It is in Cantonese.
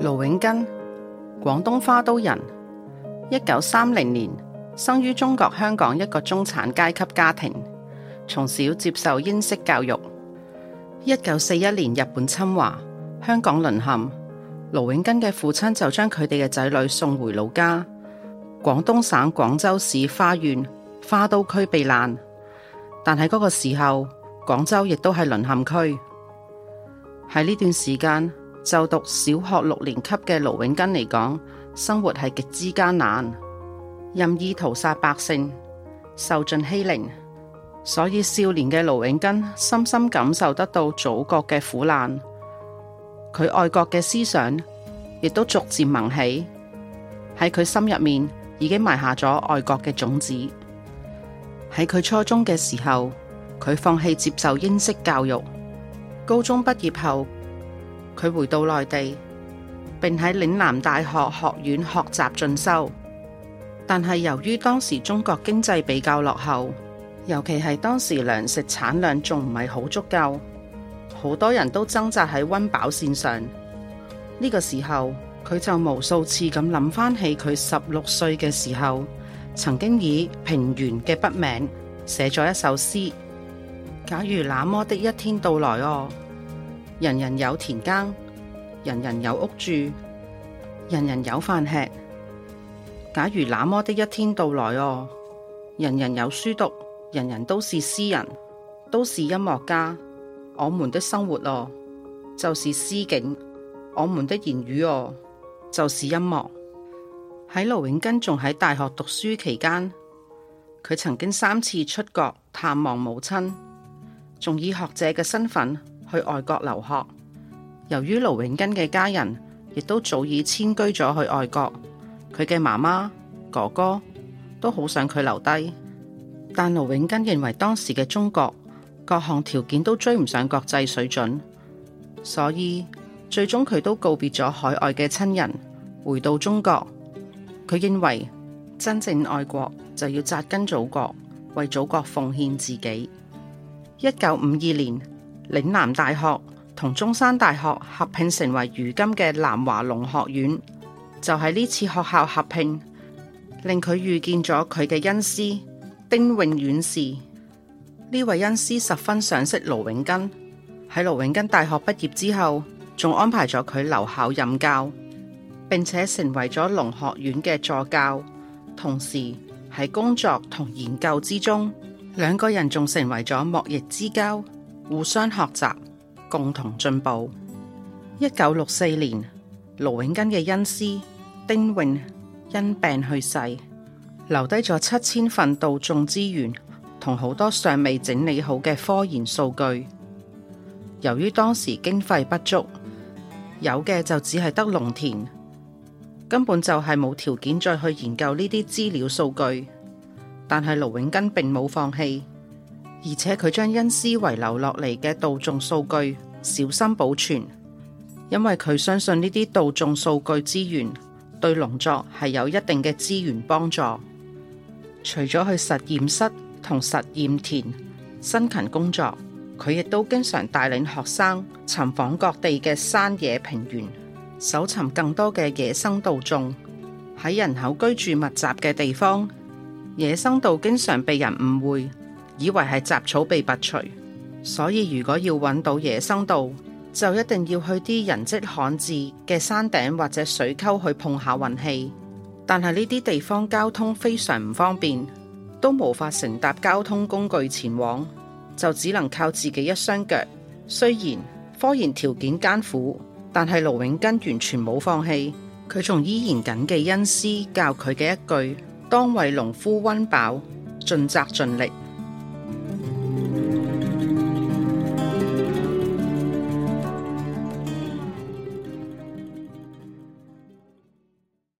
盧永根，廣東花都人，一九三零年生於中國香港一個中產階級家庭，從小接受英式教育。一九四一年日本侵華，香港淪陷，盧永根嘅父親就將佢哋嘅仔女送回老家廣東省廣州市花縣花都區避難。但係嗰個時候，廣州亦都係淪陷區。喺呢段時間，就讀小學六年級嘅盧永根嚟講，生活係極之艱難，任意屠殺百姓，受盡欺凌，所以少年嘅盧永根深深感受得到祖國嘅苦難，佢愛國嘅思想亦都逐漸萌起，喺佢心入面已經埋下咗愛國嘅種子。喺佢初中嘅時候，佢放棄接受英式教育，高中畢業後。佢回到內地，並喺嶺南大學學院學習進修。但係由於當時中國經濟比較落後，尤其係當時糧食產量仲唔係好足夠，好多人都掙扎喺溫飽線上。呢個時候，佢就無數次咁諗翻起佢十六歲嘅時候，曾經以平原嘅筆名寫咗一首詩：假如那麼的一天到來哦。人人有田耕，人人有屋住，人人有飯吃。假如那麼的一天到來哦、啊，人人有書讀，人人都是詩人，都是音樂家。我們的生活哦、啊，就是詩境，我們的言語哦、啊，就是音樂。喺盧永根仲喺大學讀書期間，佢曾經三次出國探望母親，仲以學者嘅身份，去外國留學，由於盧永根嘅家人亦都早已遷居咗去外國，佢嘅媽媽、哥哥都好想佢留低，但盧永根認為當時嘅中國各項條件都追唔上國際水準，所以最終佢都告別咗海外嘅親人，回到中國。佢認為真正愛國就要紮根祖國，為祖國奉獻自己。一九五二年。嶺南大學同中山大學合併成為如今嘅南華農學院，就係呢次學校合併令佢遇見咗佢嘅恩師丁穎院士。呢位恩師十分賞識盧永根，喺盧永根大學畢業之後，仲安排咗佢留校任教，並且成為咗農學院嘅助教。同時喺工作同研究之中，兩個人仲成為咗莫逆之交。互相學習，共同進步。一九六四年，盧永根嘅恩師丁穎因病去世，留低咗七千份稻種資源同好多尚未整理好嘅科研數據。由於當時經費不足，有嘅就只係得農田，根本就係冇條件再去研究呢啲資料數據。但係盧永根並冇放棄。而且佢將恩師遺留落嚟嘅稻種數據小心保存，因為佢相信呢啲稻種數據資源對農作係有一定嘅資源幫助。除咗去實驗室同實驗田辛勤工作，佢亦都經常帶領學生尋訪各地嘅山野平原，搜尋更多嘅野生稻種。喺人口居住密集嘅地方，野生稻經常被人誤會。以為係雜草被拔除。所以如果要揾到野生稻，就一定要去啲人跡罕至嘅山頂或者水溝去碰下運氣。但係呢啲地方交通非常唔方便，都無法乘搭交通工具前往，就只能靠自己一雙腳。雖然科研條件艱苦，但係盧永根完全冇放棄。佢仲依然謹記恩師教佢嘅一句：當為農夫溫飽，盡責盡力。